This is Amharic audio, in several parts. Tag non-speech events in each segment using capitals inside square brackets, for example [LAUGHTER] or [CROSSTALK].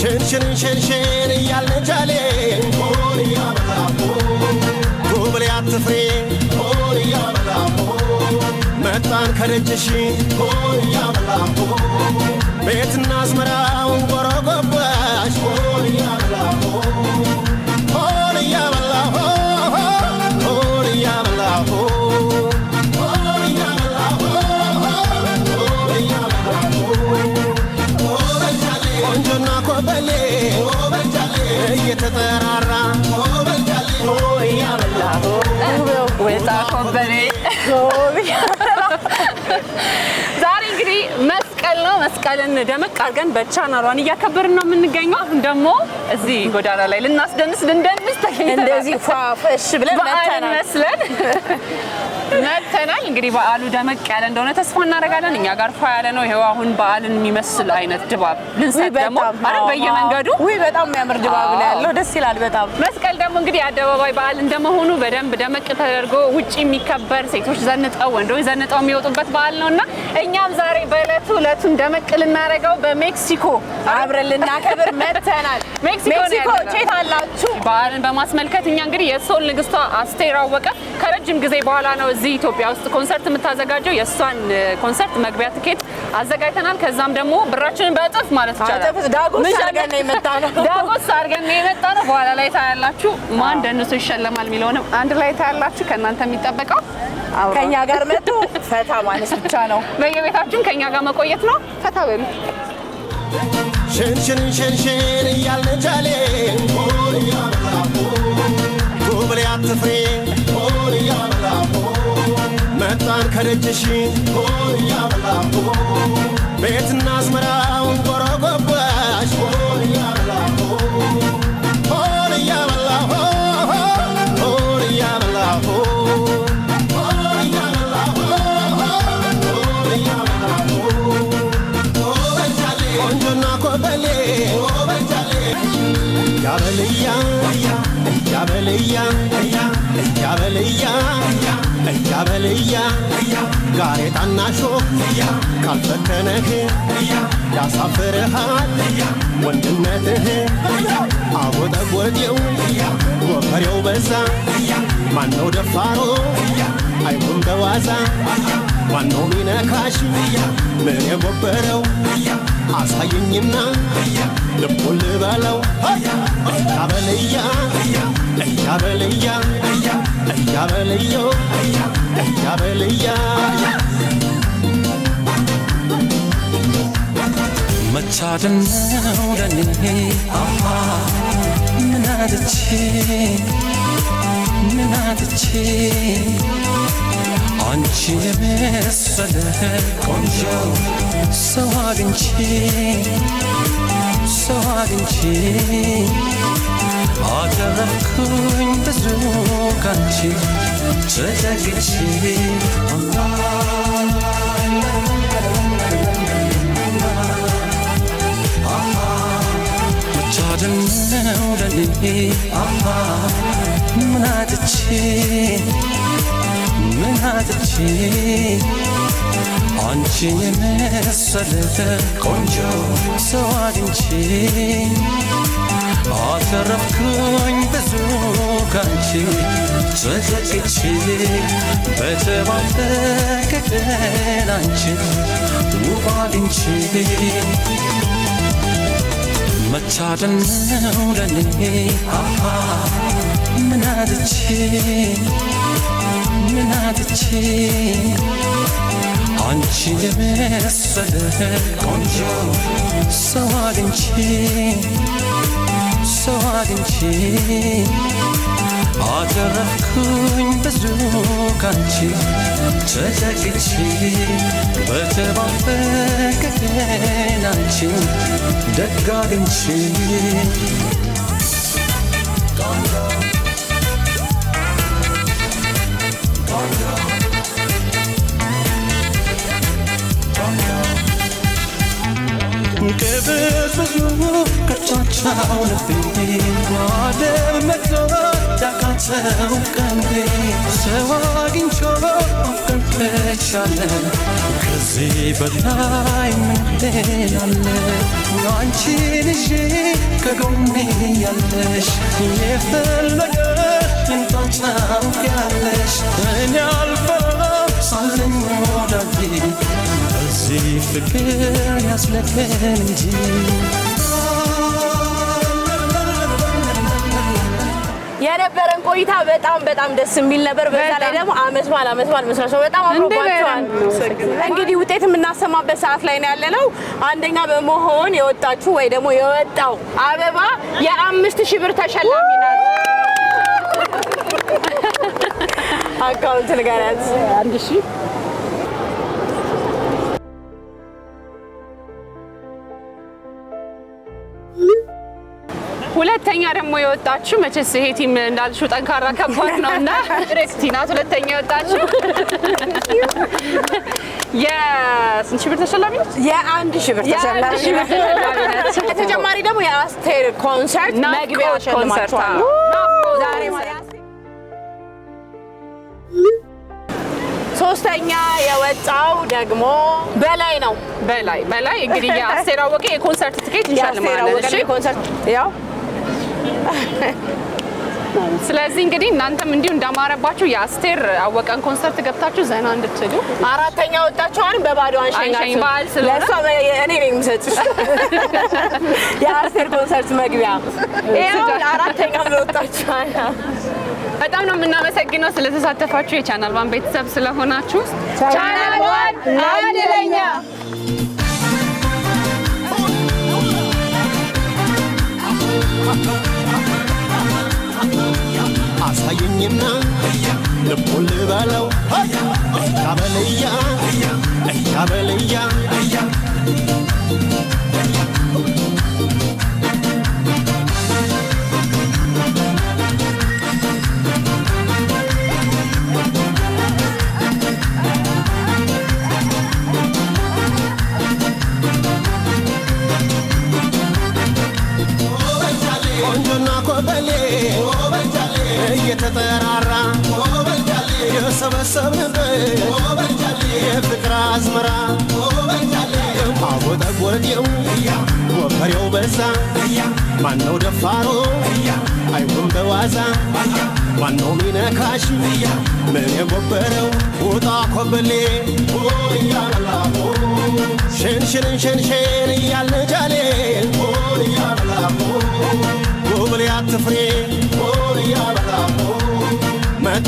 ሽንሽን ሽንሽን እያልን ጃሌ ጉብል አትፍሬ መጣን ከደጅሽ ቤትና አዝመራው መስቀልን ደመቅ አድርገን በቻናሏን እያከበርን ነው የምንገኘው። አሁን ደግሞ እዚህ ጎዳና ላይ ልናስደንስ ልንደንስ ተገኝተናል። እንደዚህ ፏፈሽ ብለን መስለን መጥተናል። እንግዲህ በዓሉ ደመቅ ያለ እንደሆነ ተስፋ እናደርጋለን። እኛ ጋር ፋ ያለ ነው። ይሄው አሁን በዓልን የሚመስል አይነት ድባብ ልንሰጥ ደግሞ አረ በየመንገዱ ውይ፣ በጣም የሚያምር ድባብ ነው ያለው። ደስ ይላል በጣም። መስቀል ደግሞ እንግዲህ አደባባይ በዓል እንደመሆኑ በደንብ ደመቅ ተደርጎ ውጭ የሚከበር ሴቶች ዘንጠው ወንዶች ዘንጠው የሚወጡበት በዓል ነውና እኛም ዛሬ በእለቱ እለቱን ደመቅ ልናደርገው በሜክሲኮ አብረን ልናከብር መተናል። ሜክሲኮ ቼት አላችሁ ያዘጋጀችው በዓልን በማስመልከት እኛ እንግዲህ የሶል ንግስቷ አስቴር አወቀ ከረጅም ጊዜ በኋላ ነው እዚህ ኢትዮጵያ ውስጥ ኮንሰርት የምታዘጋጀው። የእሷን ኮንሰርት መግቢያ ትኬት አዘጋጅተናል። ከዛም ደግሞ ብራችንን በእጥፍ ማለት ይቻላል [LAUGHS] ዳጎስ አድርገን የመጣ ነው በኋላ ላይ ታያላችሁ ማን ደንሶ ይሸለማል የሚለውንም አንድ ላይ ታያላችሁ። ከእናንተ የሚጠበቀው ከኛ ጋር መጥቶ ፈታ ማለት ብቻ ነው። በየቤታችን ከኛ ጋር መቆየት ነው። ፈታ በሉ ሽንሽን ሽንሽን እያልን ቻሌ ጉብሌ አትፍሬ መጣን ከደጅሽ ቤትና አዝመራውን ቆሮ ጋሬ ታናሾ ካልፈተነህ ያሳፍርሃል ወንድነትህ። አጎጠጎጤው ወፈሬው በዛ ማነው ደፋሮ አይሁን በዋዛ ማነው ሚነካሽ ምን የጎበረው አሳየኝና ልቦን ልበለው እያበልያ እያበለያ! እያ በልዮ እያ በልያ መታደል ነው ለኔ ምን አድቼ ምን አድቼ አንቺ የመሰለ ቆንጆ ሰው አግኝቼ ሰው አግኝቼ 아자큰 배수같이 제자기치 젖은 우라니 문화듯이 문화듯이 አንቺን የመሰለ ቆንጆ ሰው አግኝቼ አተረፍኩኝ ብዙ ካንቺ ተሰጥቼ በተባረከ ቀን አንቺ ውብ አግኝቼ መታደል ነው ለኔ ምን አጥቼ አንቺ የመሰለ ቆንጆ ሰው አግኝቼ سوادم چی آترف کن بزوگان چی چجکی چی بتوان بگنان چی دگادم چی Congo Congo ዳርቻው ልቤ ወደብ መቶ ዳካቸው ቀንዴ ሰው አግኝቾ ፍቅርቻለ ከዚህ በላይ ምንሌል አለ አንቺን ይዤ ከጎኔ ያለሽ የፈለገ ልንጣጫው ያለሽ እኔ አልፈ ሳለኝ ወዳጄ በዚህ ፍቅር ያስለከን እንጂ የነበረን ቆይታ በጣም በጣም ደስ የሚል ነበር። በዛ ላይ ደግሞ አመት በዓል አመት በዓል መስራቸው በጣም አምሮባቸዋል። እንግዲህ ውጤት የምናሰማበት ሰዓት ላይ ነው ያለነው። አንደኛ በመሆን የወጣችሁ ወይ ደግሞ የወጣው አበባ የአምስት ሺህ ብር ተሸላሚ ናት። አካውንት ንገሪያት አንድ ሺህ ሁለተኛ ደግሞ የወጣችሁ መቼ ይሄ ቲም እንዳልሽው ጠንካራ ከባድ ነው እና ሬክቲ ናት ሁለተኛ የወጣችሁ የስንት ሺህ ብር ተሸላሚ ነች? የአንድ ሺህ ብር ተሸላሚ ነች። [LAUGHS] በተጨማሪ ደግሞ የአስቴር ኮንሰርት መግቢያ ሸልማችኋል። ሶስተኛ የወጣው ደግሞ በላይ ነው። በላይ በላይ እንግዲህ የአስቴር አወቀ የኮንሰርት ትኬት ያው [LAUGHS] ስለዚህ እንግዲህ እናንተም እንዲሁ እንዳማረባችሁ የአስቴር አወቀን ኮንሰርት ገብታችሁ ዘና እንድትሉ አራተኛ ወጣችሁ። ወጣችኋን በባዶ አንሸኛችሁ በዓል ስለሆነ እኔ ነኝ የምሰጥሽ [LAUGHS] የአስቴር ኮንሰርት መግቢያ አራተኛ ወጣችሁ። በጣም ነው የምናመሰግነው ስለተሳተፋችሁ የቻናል ዋን ቤተሰብ ስለሆናችሁ ቻናል ዋን አንድ ለኛ አሳየኝና ልቦ ልበለው እያ በለያ እያ በለያ ቆንጆና ኮበሌ ከተራራ የሰበሰብንበት የፍቅር አዝመራ አወጠጎደው ወፈሬው በዛ ማነው ደፋሮ አይሆን በዋዛ ማነው ሚነካሽ ምን የጎበረው ውጣ ኮበሌ ሽንሽንን ሽንሽን እያለ ጃሌ ጉብል አትፍሬ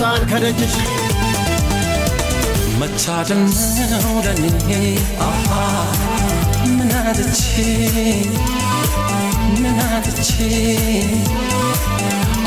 Karaköşk መታደል ነው ለኔ ምን አጥቼ ምን አጥቼ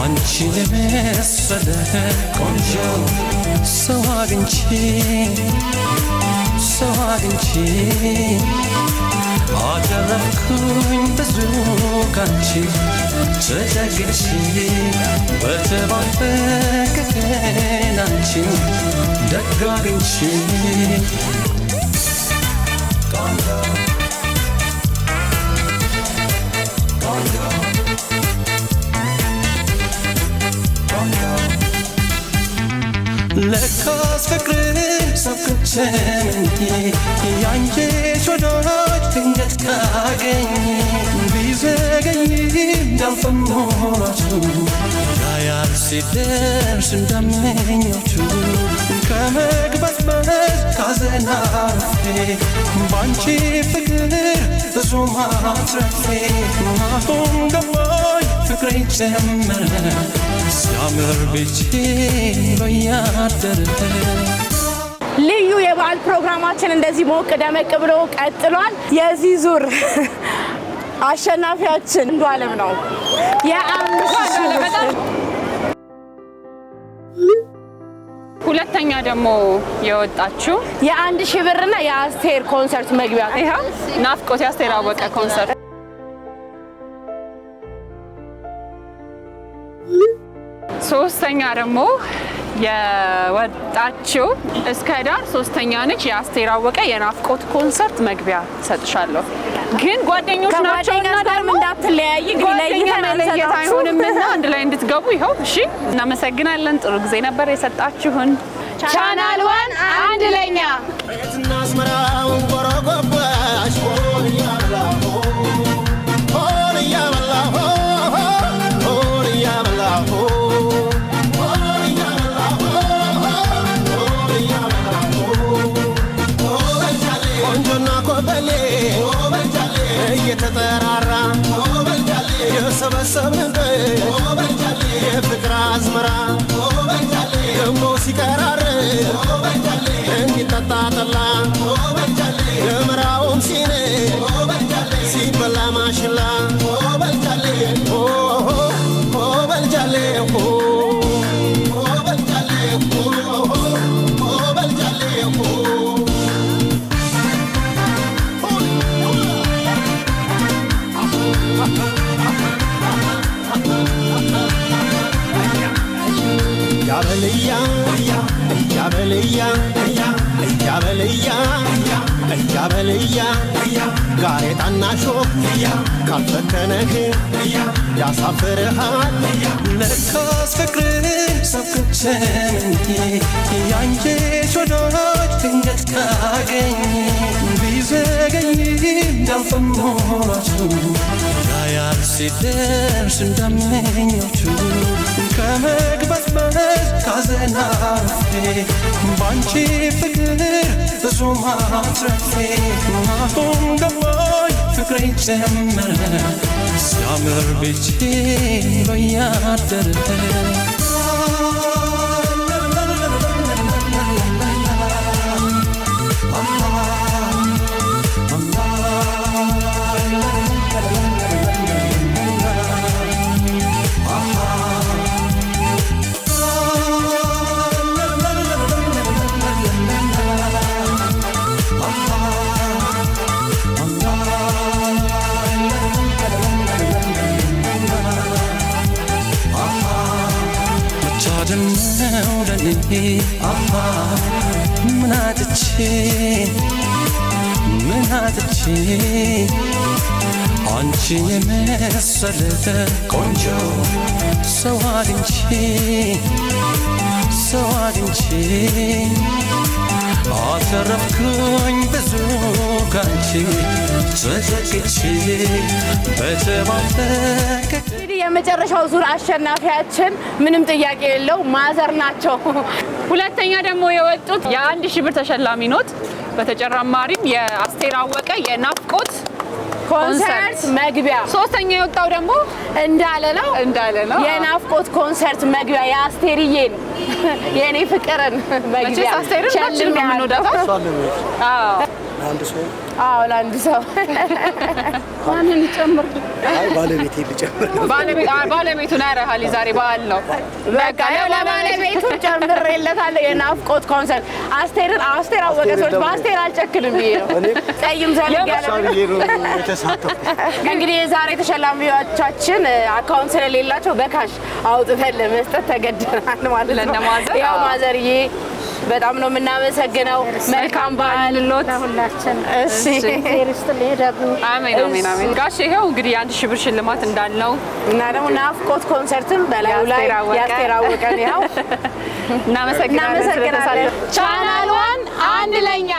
አንቺን የመሰለ ቆንጆ ሰው አግኝቼ ሰው አግኝቼ አተረፍኩኝ ብዙ ካንቺ ተጠግቼ በተባል ፈገግታሽን አንቺን ደግ አግኝቼ ለካስ ፍቅር ሰፍቼምንቲ ያንቺ ቾዶች ድንገት ካገኝ ቢዘገይ እንዳልፈሞቹ ያያል ሲደርስ እንደመኞቹ ከመግበዝበዝ ካዘናፌ ባንቺ ፍቅር ብዙ ማትረፌ አሁን ገባኝ ፍቅሬ ጨመረ ሲያምር ቤቼ በያደረ ልዩ የበዓል ፕሮግራማችን እንደዚህ ሞቅ ደመቅ ብሎ ቀጥሏል። የዚህ ዙር አሸናፊያችን አለም ነው። ሁለተኛ ደግሞ የወጣችው የአንድ ሺህ ብር ብርና የአስቴር ኮንሰርት መግቢያ ናፍቆት የአስቴር አወቀ ኮንሰርት ሶስተኛ ደግሞ የወጣችው እስከ ዳር ሶስተኛ ነች። የአስቴር አወቀ የናፍቆት ኮንሰርት መግቢያ ሰጥሻለሁ። ግን ጓደኞች ናቸውና ደግሞ እንዳትለያይ አይሆንም እና አንድ ላይ እንድትገቡ ይኸው። እሺ፣ እናመሰግናለን። ጥሩ ጊዜ ነበር የሰጣችሁን። ቻናል ዋን አንድ ለኛ ሰብለ የፍቅር አዝመራ ደግሞ ሲቀራር እንዲጠጣ ጠላ ገመራውም ሲኔ ሲበላ ማሽላ uh እያበልያ እያበልያ እያበልያ እያበልያ ጋሬጣና ሾክ ካልፈከነህ ያሳፍርሃል። ለካስ ፍቅር ሰብክችን ያንቺ ሾዶች ድንገት ካገኝ ቢዘገይ እንዳልፈሞራችሁ ሲደርስ እንደምኞቹ ከመግበዝበዝ ካዘናፌ ባንቺ ፍቅር ብዙ ማትረፌ አሁን ገባኝ ፍቅሬ ጨመረ ሲያምር ብቼ በያደረ ጎድነው ለኔ ምናጥቼ ምናጥቼ አንቺን የመሰለ ቆንጆ ሰው አግኝቼ ሰው አግኝቼ አተረፍኩኝ ብዙ ካንቺ ተዘቅቼ በተባፈቀ እንግዲህ የመጨረሻው ዙር አሸናፊያችን ምንም ጥያቄ የለው ማዘር ናቸው። ሁለተኛ ደግሞ የወጡት የአንድ ሺህ ብር ተሸላሚ ኖት። በተጨማሪም የአስቴር አወቀ የናፍቆት ኮንሰርት መግቢያ። ሶስተኛ የወጣው ደግሞ እንዳለ ነው እንዳለ ነው የናፍቆት ኮንሰርት መግቢያ የአስቴርዬን የእኔ ፍቅርን መግቢያ ለአንድ ሰው? አዎ ለአንድ ሰው። ማንን ልጨምር? ባለቤቴ ልጨምር። ባለቤቱን ያረሃል። ዛሬ በዓል ነው። በቃ ለባለቤቱ ጨምሬለታለሁ። የናፍቆት ኮንሰርት አስቴርን አስቴር አወቀ ሰዎች በአስቴር አልጨክንም ብዬ ነው። ጠይም ዘለግ ያለ እንግዲህ የዛሬ ተሸላሚዎቻችን አካውንት ስለሌላቸው በካሽ አውጥተን ለመስጠት ተገድናል ማለት ነው። ያው ማዘርዬ በጣም ነው የምናመሰግነው። መልካም በዓል ሎት ሁላችን። ጋሽ ይኸው እንግዲህ የአንድ ሺህ ብር ሽልማት እንዳለው እና ደግሞ ናፍቆት ኮንሰርትም በላዩ ላይ ያስተራወቀን ይኸው [LAUGHS] እናመሰግናለን። ቻናሏን አንድ ለኛ